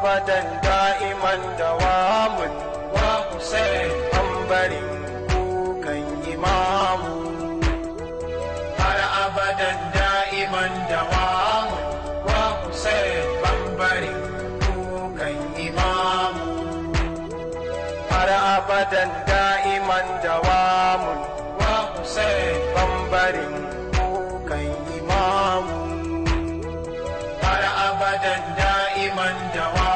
abadan da'iman dawamun wa Hussein ambarin kukan imamu har abadan da'iman dawamun wa Hussein bambarin kukan imamu har abadan da'iman dawamun wa Hussein bambarin kukan imamu har abadan da'iman dawamun